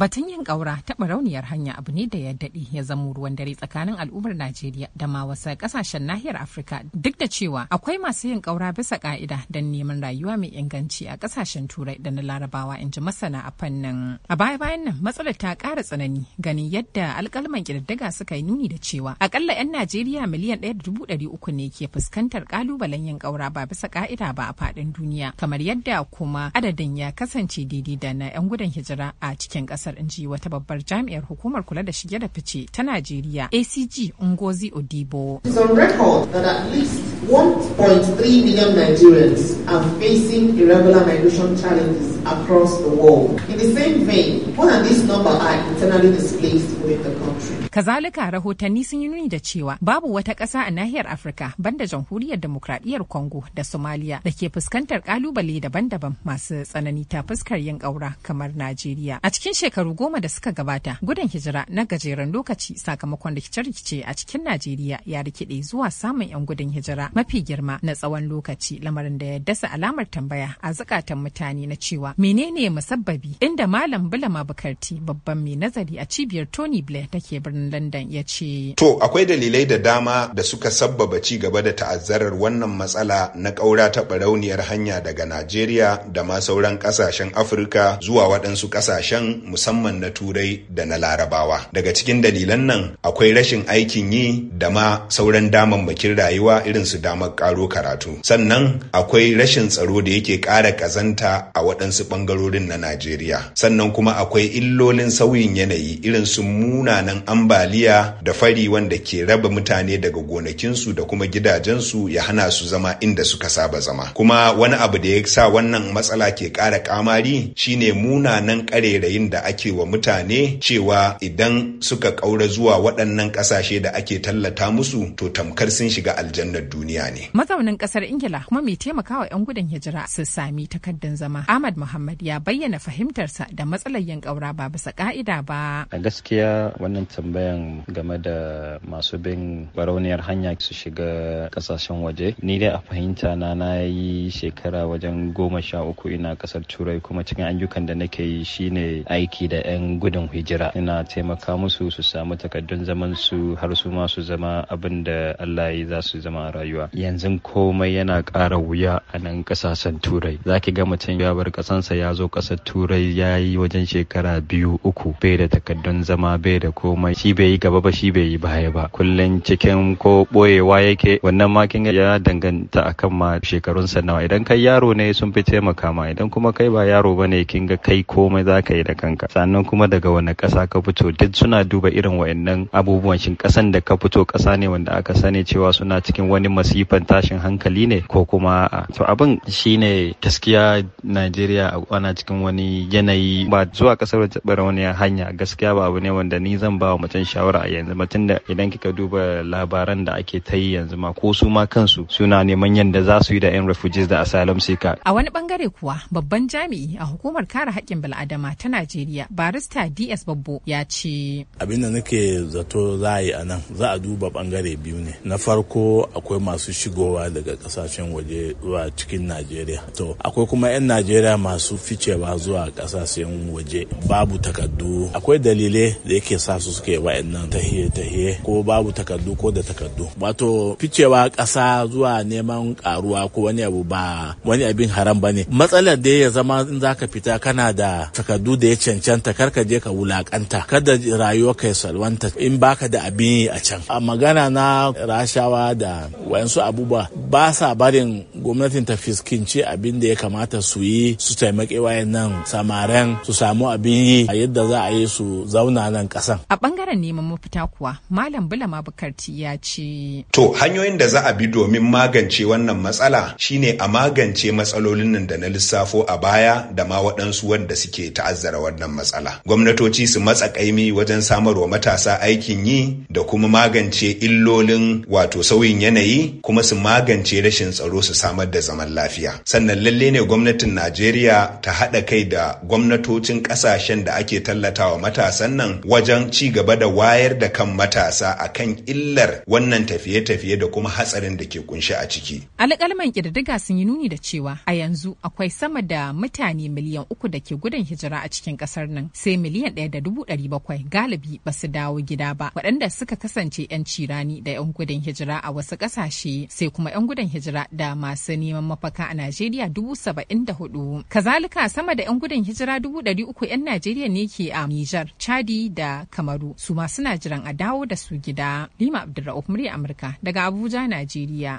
Batun yin ƙaura taɓa rauniyar hanya abu ne da ya daɗe ya zama ruwan dare tsakanin al'ummar Najeriya da ma wasu ƙasashen nahiyar Afirka duk da cewa akwai masu yin ƙaura bisa ƙa'ida don neman rayuwa mai inganci a ƙasashen Turai da na Larabawa in ji masana a fannin. A baya-bayan nan matsalar ta ƙara tsanani ganin yadda alƙalman ƙididdiga suka yi nuni da cewa akalla 'yan Najeriya miliyan ɗaya da dubu ɗari uku ne ke fuskantar ƙalubalen yin ƙaura ba bisa ƙa'ida ba a faɗin duniya kamar yadda kuma adadin ya kasance daidai da na 'yan gudun hijira a cikin ƙasar. kasar in ji wata babbar jami'ar hukumar kula da shige da fice ta Najeriya ACG Ngozi Odibo. It's on record that at least 1.3 million Nigerians are facing irregular migration challenges across the world. In the same vein, one of this number are internally displaced within the country. Kazalika rahotanni sun yi nuni da cewa babu wata ƙasa a nahiyar Afirka banda jamhuriyar demokradiyyar Congo da Somalia da ke fuskantar ƙalubale daban-daban masu tsanani ta fuskar yin ƙaura kamar Najeriya. A cikin shekaru goma da suka gabata gudun hijira na gajeren lokaci sakamakon rikice-rikice a cikin Najeriya ya rikide zuwa samun 'yan gudun hijira mafi girma na tsawon lokaci lamarin da ya dasa alamar tambaya a zukatan mutane na cewa menene musabbabi inda Malam Bulama Bukarti babban mai nazari a cibiyar Tony Blair take birnin London ya ce. To akwai dalilai da dama da suka sabbaba ci gaba da ta'azzarar wannan matsala na ƙaura ta barauniyar hanya daga Najeriya da ma sauran ƙasashen Afirka zuwa waɗansu ƙasashen musamman na Turai da na Larabawa. Daga cikin dalilan nan akwai rashin aikin yi da ma sauran damammakin rayuwa irin su damar ƙaro karatu. Sannan akwai rashin tsaro da yake ƙara ƙazanta a waɗansu ɓangarorin na Najeriya. Sannan kuma akwai illolin sauyin yanayi irin su munanan ambaliya ambaliya da fari wanda ke raba mutane daga gonakinsu da kuma gidajensu ya hana su zama inda suka saba zama kuma wani abu da ya sa wannan matsala ke ƙara kamari shine munanan ƙarerayin da ake wa mutane cewa idan suka ƙaura zuwa waɗannan ƙasashe da ake tallata musu to tamkar sun shiga aljannar duniya ne mazaunin ƙasar ingila kuma mai taimakawa 'yan gudun hijira su sami takardun zama ahmad muhammad ya bayyana fahimtarsa da matsalar yin ƙaura ba bisa ƙa'ida ba a gaskiya wannan tambaya tambayan game da masu bin barauniyar hanya su shiga kasashen waje ni dai a fahimta na na yi shekara wajen goma sha uku ina kasar turai kuma cikin ayyukan da nake yi shine aiki da 'yan gudun hijira ina taimaka musu su samu takardun zaman su har su ma su zama abin da allah ya za su zama a rayuwa yanzu komai yana ƙara wuya a nan ƙasashen turai Zaki ki ga mutum ya bar kasansa ya zo kasar turai ya yi wajen shekara biyu uku bai da takardun zama bai da komai shi bai yi gaba ba shi bai yi baya ba kullum cikin ko boyewa yake wannan ma kin ya danganta akan ma shekarun nawa idan kai yaro ne sun fi taimaka ma idan kuma kai ba yaro bane kin ga kai komai zaka yi da kanka sannan kuma daga wani kasa ka fito duk suna duba irin wayannan abubuwan shin kasan da ka fito kasa ne wanda aka sani cewa suna cikin wani masifan tashin hankali ne ko kuma to abin shine gaskiya Najeriya ana cikin wani yanayi ba zuwa ƙasar wani hanya gaskiya ba abu ne wanda ni zan ba wa mutum son shawara a yanzu ba tunda idan kika duba labaran da ake ta yi yanzu ma ko su ma kansu suna neman yadda za su yi da 'yan refugees da asylum seeker. A wani bangare kuwa babban jami'i a hukumar kare haƙƙin bil'adama ta Najeriya barista DS Babbo ya ce. Abin da nake zato za a yi a nan za a duba bangare biyu ne. Na farko akwai masu shigowa daga kasashen waje zuwa cikin Najeriya. To akwai kuma 'yan Najeriya masu ficewa zuwa kasashen waje babu takardu. Akwai dalilai da yake sa su suke wa'annan tahiye-tahiye ko babu takardu ko da takardu wato ficewa ƙasa zuwa neman karuwa ko wani abu ba wani abin haram ba ne matsalar da ya zama in za ka fita kana da takardu da ya cancanta kar ka je ka wulakanta kada rayuwa ka salwanta in baka da abin a can a magana na rashawa da wayansu abubuwa ba sa barin gwamnatin ta fiskinci abin da ya kamata su yi su wayan wayannan samaren su samu abin yi a yadda za a yi su zauna nan ƙasan a bangaren neman mafita kuwa Malam Bulama Bukarti ya ce. To hanyoyin da za a bi domin magance wannan matsala shine a magance matsalolin nan da na lissafo a baya da ma waɗansu wanda suke ta'azzara wannan matsala. Gwamnatoci su matsa ƙaimi wajen samarwa matasa aikin yi da kuma magance illolin wato sauyin yanayi kuma su magance rashin tsaro su samar da zaman lafiya. Sannan lalle ne gwamnatin Najeriya ta haɗa kai da gwamnatocin ƙasashen da ake tallatawa matasan nan wajen ci gaba da wayar da kan matasa a kan illar wannan tafiye-tafiye da kuma hatsarin da ke kunshi a ciki. Alƙalman ƙididdiga sun yi nuni da cewa a yanzu akwai sama da mutane miliyan uku da ke gudun hijira a cikin ƙasar nan sai miliyan ɗaya da dubu ɗari bakwai galibi ba su dawo gida ba waɗanda suka kasance 'yan cirani da 'yan gudun hijira a wasu ƙasashe sai kuma 'yan gudun hijira da masu neman mafaka a Najeriya dubu saba'in da hudu. Kazalika sama da 'yan gudun hijira dubu ɗari uku 'yan Najeriya ne ke a Nijar, Chadi da Kamaru. su ma suna jiran a dawo da su gida. Lima Abdulrahman murya Amurka daga Abuja, Najeriya.